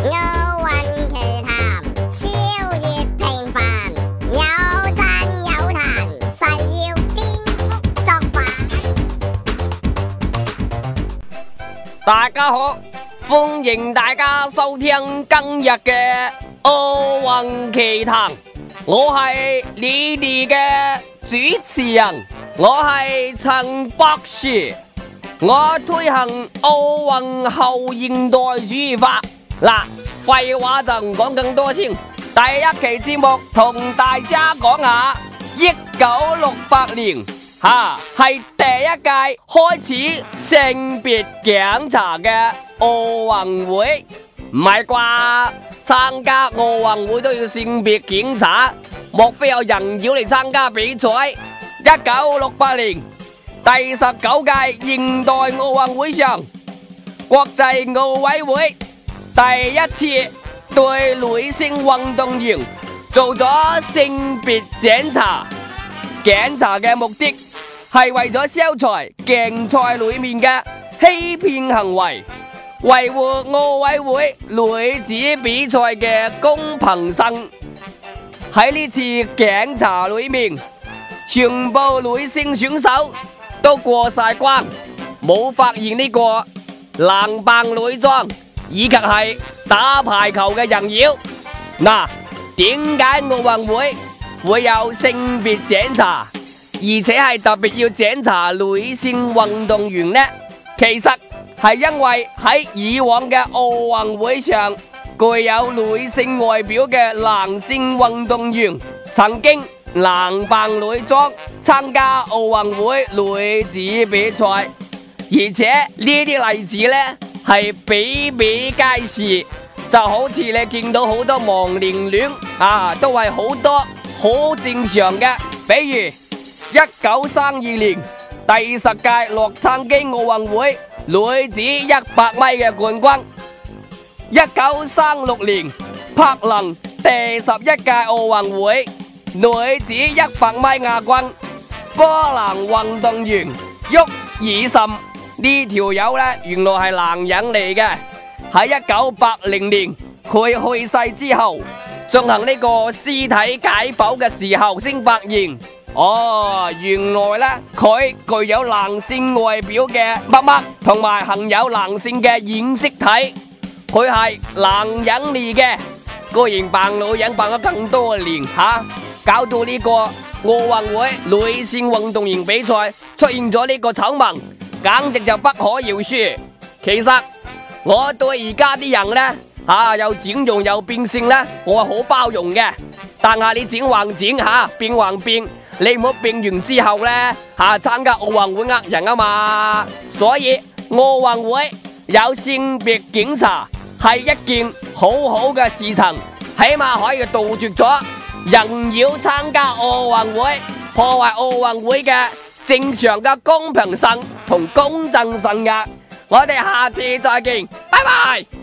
奧運奇談，超越平凡，有讚有彈，誓要顛覆作法。大家好，歡迎大家收聽今日嘅奧運奇談，我係你哋嘅主持人，我係陳博士，我推行奧運後現代主義法。嗱，廢話就唔講更多先。第一期節目同大家講下，一九六八年吓係第一屆開始性別檢查嘅奧運會，唔係啩？參加奧運會都要性別檢查，莫非有人妖嚟參加比賽？一九六八年第十九屆現代奧運會上，國際奧委會。第一次對女性運動員做咗性別檢查，檢查嘅目的係為咗消除競賽裏面嘅欺騙行為，維護奧委會女子比賽嘅公平性。喺呢次檢查裏面，全部女性選手都過晒關，冇發現呢個男扮女裝，以及係打排球嘅人妖，嗱、啊，點解奧運會會有性別檢查，而且係特別要檢查女性運動員呢？其實係因為喺以往嘅奧運會上，具有女性外表嘅男性運動員曾經男扮女裝參加奧運會女子比賽，而且呢啲例子呢？係比比皆是，就好似你見到好多忘年戀啊，都係好多好正常嘅。比如一九三二年第十屆洛杉磯奧運會女子一百米嘅冠軍，一九三六年柏林第十一屆奧運會女子一百米亞軍，波蘭運動員沃爾什。呢條友咧，原來係男人嚟嘅。喺一九八零年，佢去世之後，進行呢個屍體解剖嘅時候，先發現哦，原來咧佢具有男性外表嘅乜乜，同埋含有男性嘅染色體，佢係男人嚟嘅。居然扮女人扮咗咁多年，吓搞到呢個奧運會女性運動員比賽出現咗呢個醜聞。簡直就不可饒恕。其實我對而家啲人呢，吓、啊、又整容又變性呢，我係好包容嘅。但係你整還整下、啊、變還變，你唔好變完之後呢，下、啊、參加奧運會呃人啊嘛。所以奧運會有性別警察，係一件好好嘅事情，起碼可以杜絕咗人妖參加奧運會破壞奧運會嘅，正常嘅公平性同公正性嘅，我哋下次再見，拜拜。